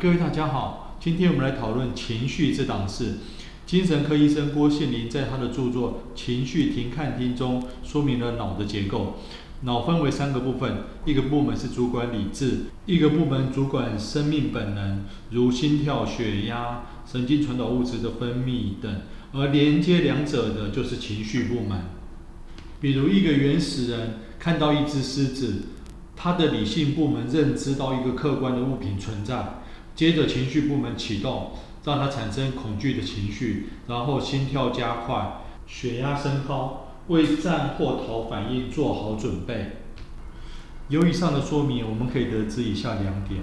各位大家好，今天我們來討論情緒這檔事。精神科醫生郭羨林在他的著作《情緒停看聽》中，說明了腦的結構。腦分為三個部分，一個部門是主管理智，一個部門主管生命本能，如心跳、血壓、神經傳導物質的分泌等。而連接兩者的就是情緒部門。比如，一個原始人看到一隻獅子。他的理性部門認知到一個客觀的物品存在，接着情緒部門啟動，讓他產生恐懼的情緒，然後心跳加快、血壓升高，為戰或逃反應做好準備。由以上的說明，我們可以得知以下兩點：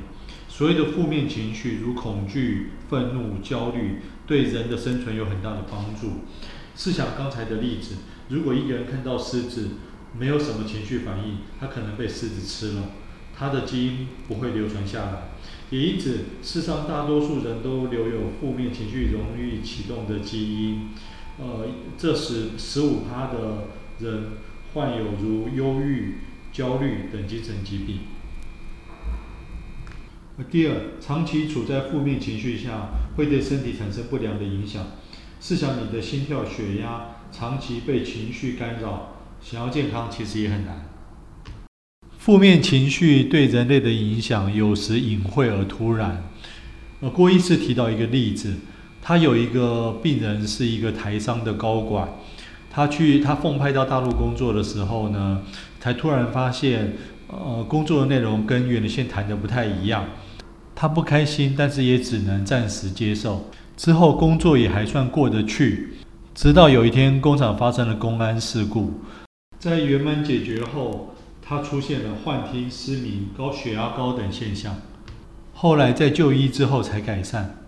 所謂的負面情緒，如恐懼、憤怒、焦慮，對人的生存有很大的幫助。試想剛才的例子，如果一個人看到獅子，沒有什麼情緒反應，他可能被獅子吃了，他的基因不會流傳下來，也因此，世上大多數人都留有負面情緒容易啟動的基因，呃，這使十五趴的人患有如憂鬱、焦慮等精神疾病。第二，長期處在負面情緒下會對身體產生不良的影響，試想你的心跳、血壓長期被情緒干擾。想要健康其實也很難。負面情緒對人類的影響有時隱晦而突然。呃，郭醫師提到一個例子，他有一個病人是一個台商的高管，他去他奉派到大陸工作的時候呢，才突然發現，呃，工作的內容跟原來先談的不太一樣，他不開心，但是也只能暫時接受。之後工作也還算過得去，直到有一天工廠發生了公安事故。在圓滿解決後，他出現了幻聽、失眠、高血壓高等現象。後來在就醫之後才改善。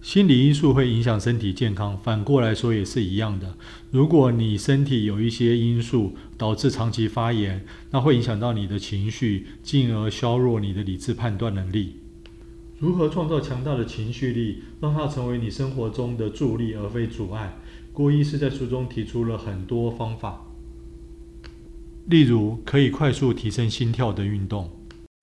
心理因素會影響身體健康，反過來說也是一樣的。如果你身體有一些因素導致長期發炎，那會影響到你的情緒，進而削弱你的理智判斷能力。如何創造強大的情緒力，讓它成為你生活中的助力而非阻礙？郭醫師在書中提出了很多方法。例如，可以快速提升心跳的運動。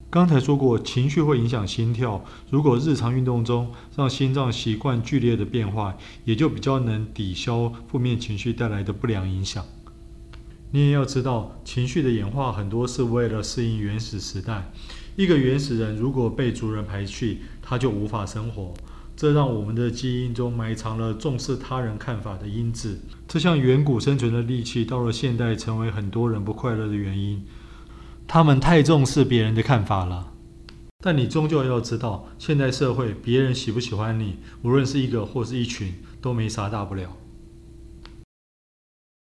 剛才說過，情緒會影響心跳。如果日常運動中讓心臟習慣劇烈的變化，也就比較能抵消負面情緒帶來的不良影響。你也要知道，情緒的演化很多是為了適應原始時代。一個原始人如果被族人排斥，他就無法生活。這讓我們的基因中埋藏了重視他人看法的因子，這項遠古生存的利器，到了現代成為很多人不快樂的原因。他們太重視別人的看法了。但你終究要知道，現代社會別人喜不喜歡你，無論是一個或是一群，都沒啥大不了。